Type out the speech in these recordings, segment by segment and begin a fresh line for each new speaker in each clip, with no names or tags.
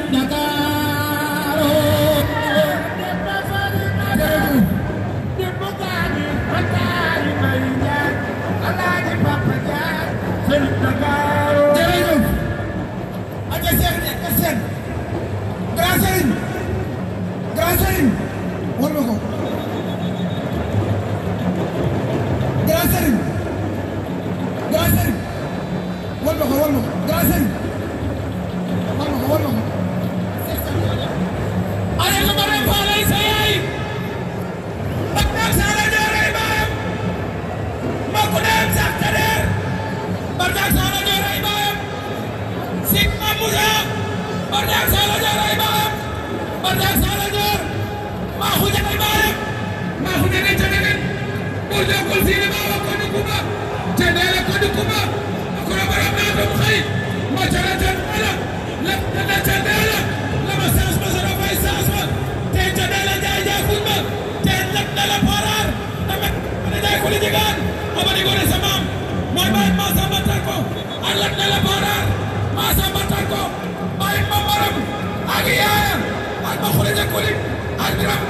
Gracias. kulit Alkitab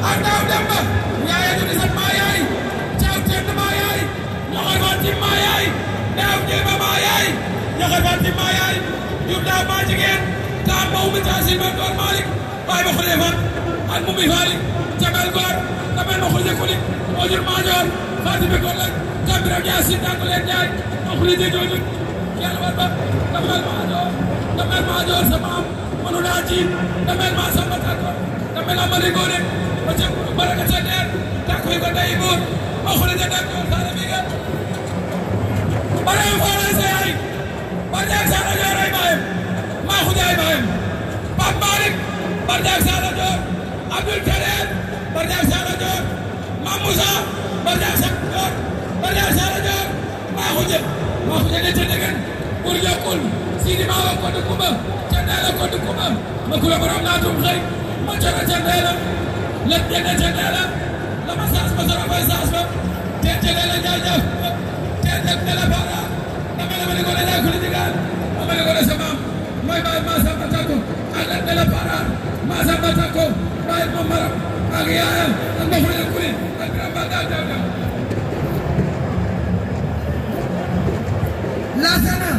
ada dapat nyaya tulisan mayai jauh jauh mayai lakukan mati mayai jauh jauh mayai lakukan mati mayai yunda majikan tak mau mencari bantuan malik baik mukhlifan al mumihalik jamal kuat jamal mukhlifan kulit ojur majar fatimah kulit kabir yasin tak kulit jai mukhlifan jujur jamal bab jamal majar jamal majar semam म्हणून आजी तमेल मासा ठाकर तमेला मरी गोरे म्हणजे बरकचा डेर टाकवी गटा इबूर अखुरे जे टाकवी सारे बिगत बरे फारे से आई बरदाक सारा जोर आई भाई मा खुदाई भाई पाक मालिक बरदाक सारा जोर अब्दुल करीम बरदाक सारा जोर मामूसा बरदाक सारा जोर बरदाक सारा जोर मा खुदे मा खुदे ने चले गए पुर sidi bawa kodu kuma candela kodu kuma makula borom na tum xey ma cana candela la dena candela la ma sas ma sara bay sas ba te candela jaaja te te dela bara na mala mala ko la ko digal ma mala ko sama moy bay ma sa batako ala dela bara ma sa batako bay mo mara ak yaayam ak ma fa ko ni ak
ramba da da da la sana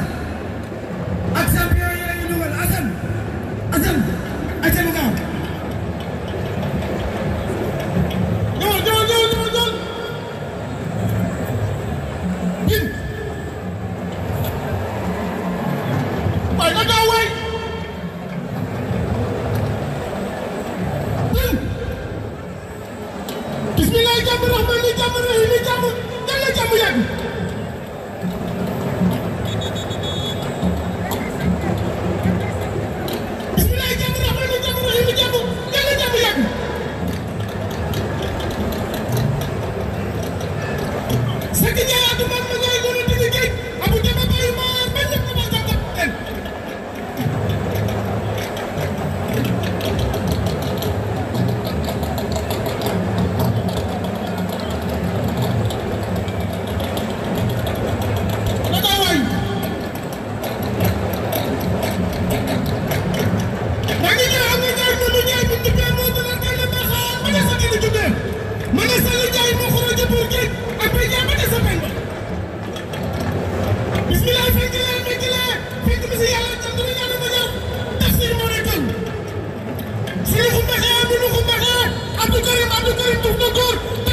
jàmm réew mi jàmm yàlla jàmm yàgg Abdou Karim Abdou Karim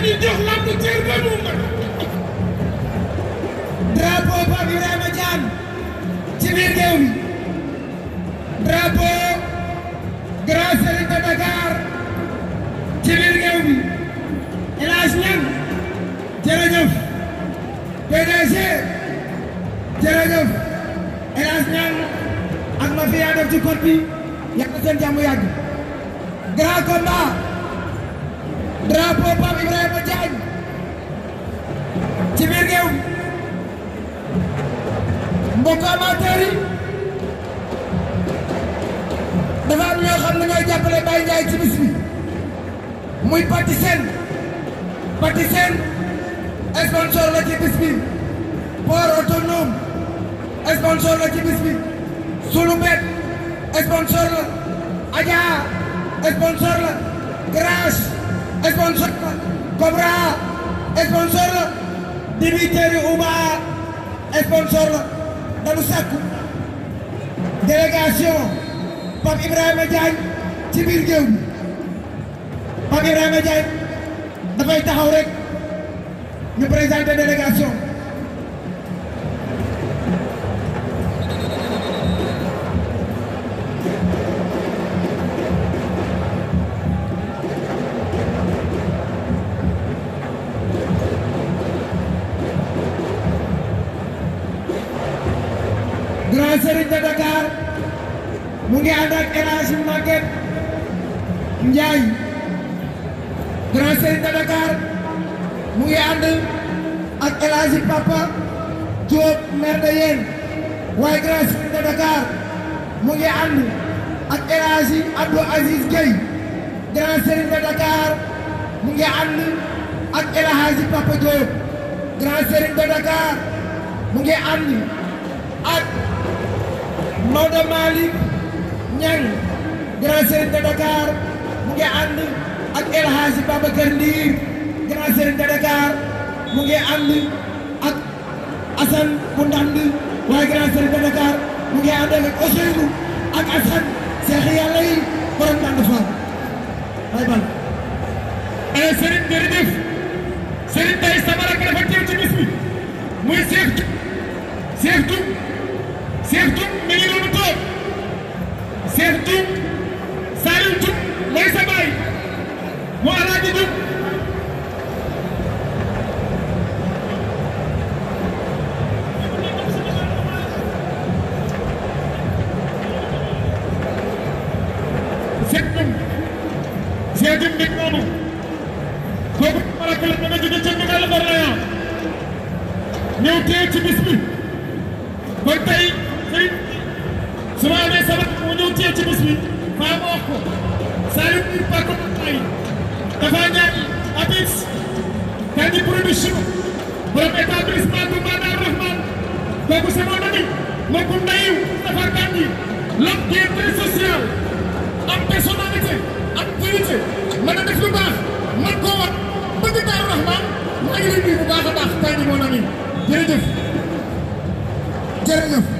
dañuy jox làmb cër ba ci biir bi drapeau Grand Serigne de Dakar ci biir bi El Hadj Niang jërëjëf PDG jërëjëf El Hadj Niang ak ma fi yaa def ci code bi yàlla seen jàmm yàgg grand combat. drapeau Pape Ibrahima Diagne ci biir réew mbokk dafa am ñoo xam ne ñooy jàppale Baye Ndiaye ci bis muy Pati Sène Pati la ci bis bi port autonome la ci bis bi sulu bet sponsor la Adja sponsor Cobra sponsor la dignitaire yi Uba sponsor la dañu sàkku délégation Pape Ibrahima Diagne ci biir géew bi Pape Ibrahima dafay taxaw rek ñu présenté délégation grand serigne de Dakar mu ngi ànd ak El Hadj Maguette Ndiaye Dakar mu ngi ànd ak El Hadj Papa Diop maire waaye grand Dakar mu ngi ànd ak El Hadj Abdou Aziz Dakar mu ngi ànd ak Maodo Malick Niang grand serigne de Dakar mu ngi ànd ak El Hadji Babacar Ndir grand serigne de Dakar mu ngi ànd ak Assane bu Ndand waaye grand serigne de Dakar mu ngi ànd ak Ousseynou ak Assane seex yàlla yi borom Ndand Fall ay bal ay eh, serigne jërëjëf serigne tey samara ka dafa teew ci bis muy Cheikh Tou Cheikh mooy tey Serigne su ma amee sabab mu ñëw téye ci bés bi maa ma wax ko saa yu muy bàkk ay dafa ñaan abis kanji production borom établissement bu Mbadar Rahman kooku sama nami moo ko ndayiw dafa kanji l'homme qui est très social am personnalité am qualité mën a def lu baax man koo wax bëgg Daaru Rahman maa ngi lay nuyu bu baax a baax kanji moo nami jërëjëf Get in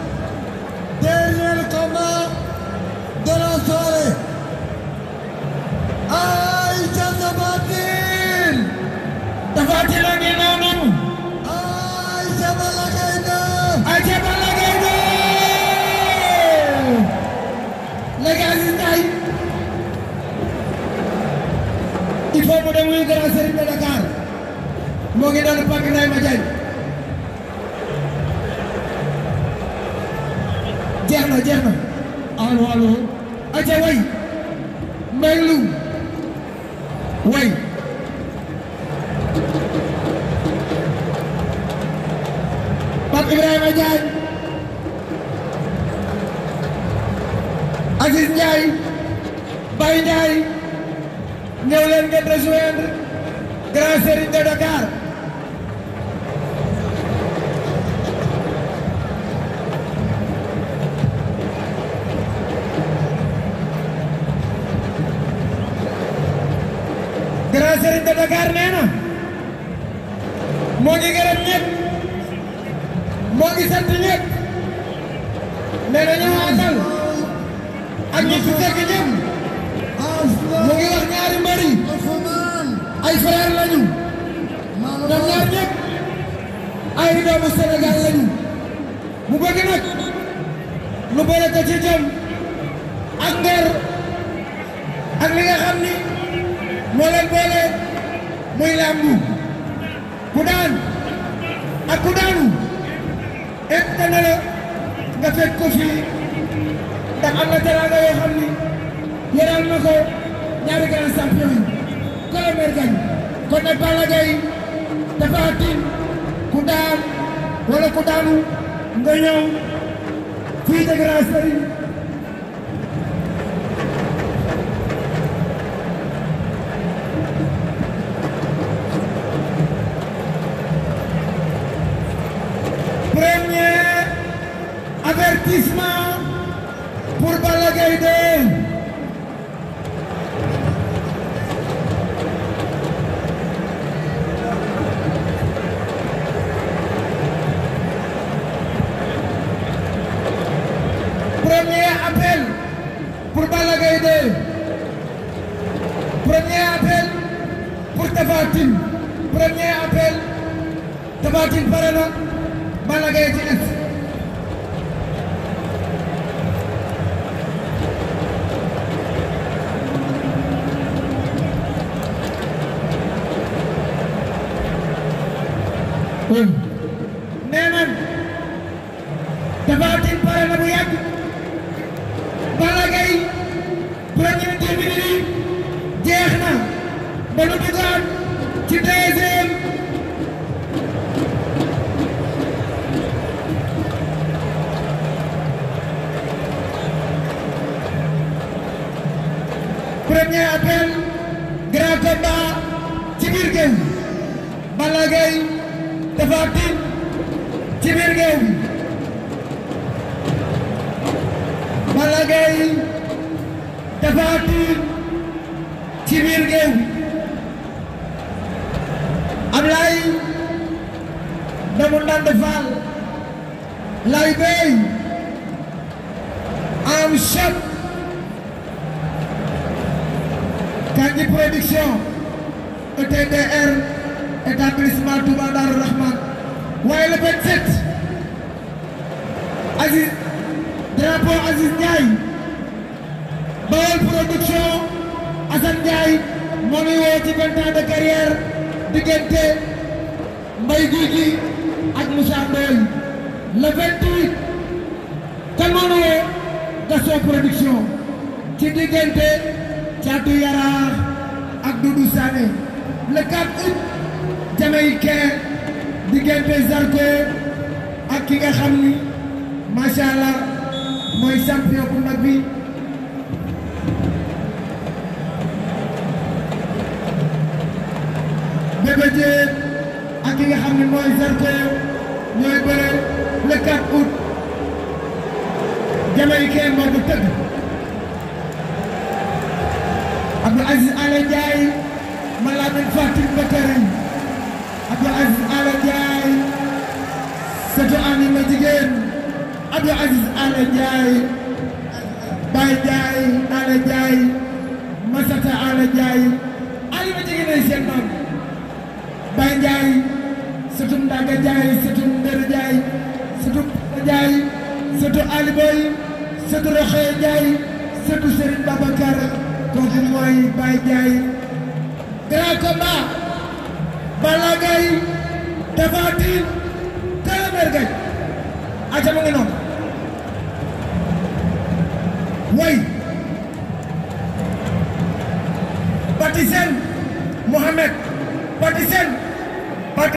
del de combat de la soirée. Aïcha Sabatil Sabatil en est non non Aïcha Balagaïda Aïcha Balagaïda Les gars, c'est taille Il faut que vous vous rassurez de la carte. Je vais vous donner un peu de temps. na jeex na allo allo aca way mbay lu way Pape Ibrahima Ndiaye Aziz Ndiaye Baye Ndiaye ñëw leen ngeen rejoindre Grand Serigne de Dakar Serigne de nee na moo ngi gërëm ñëpp moo ngi sant ñëpp nee na ñoo ak ñi fi fekk ñëpp mu ngi wax ñaari mbër yi ay frère lañu mu bëgg nag lu bëre ko ci jëm ak ngeer ak li xam ni. moo leen boole muy làmbu ku daan ak na la nga fekk ko fii na teraanga yoo xam ni yoral na ko ñaari grand champion yi Kolomer gañ kon nag Balla Gaye dafa tin ku daan nga ñëw fii de grand premier appel pour Tapha Tine premier appel Tapha Tine pare na Bolu ci deuxième. premier appel grand ci biir géew Balla Yande Fall lay bey am chef Production ETDR établissement Touba Darou Rahman waaye le 27 Aziz drapeau Aziz Ndiaye Baol Production de carrière diggante Mbaye ak Moussa Ndoye le 28 jamono Gaston production ci diggante Thiatou Yaraax ak Doudou Sané le 4 août Jamaïcain diggante Zarko ak ki nga xam ni macha mooy champion bu mag bi. Bébé Diène ak ki nga xam ne mooy Zarko ñooy bëre le 4 août jamaïcain moo ko tëgg Abdou Aziz Ala Ndiaye ma laa mel Fatim Bakary Abdou Aziz Ala Ndiaye sëtu Ami ma jigéen Abdou Aziz Ala Ndiaye Baye Ndiaye Ala Ndiaye Masata Ala Ndiaye Ali ma jigéen ay seen maam Baye Ndiaye surtout Ndaga Ndiaye surtout Nderi Ndiaye surtout Ndiaye surtout Ali Boy surtout Roxee Ndiaye surtout Serigne Babacar kooku mooy Baye Ndiaye. grand combat Balla Gaye Tapha Kër Mère Gaye aca mu ngi noonu way Patisen Mohamed Patisen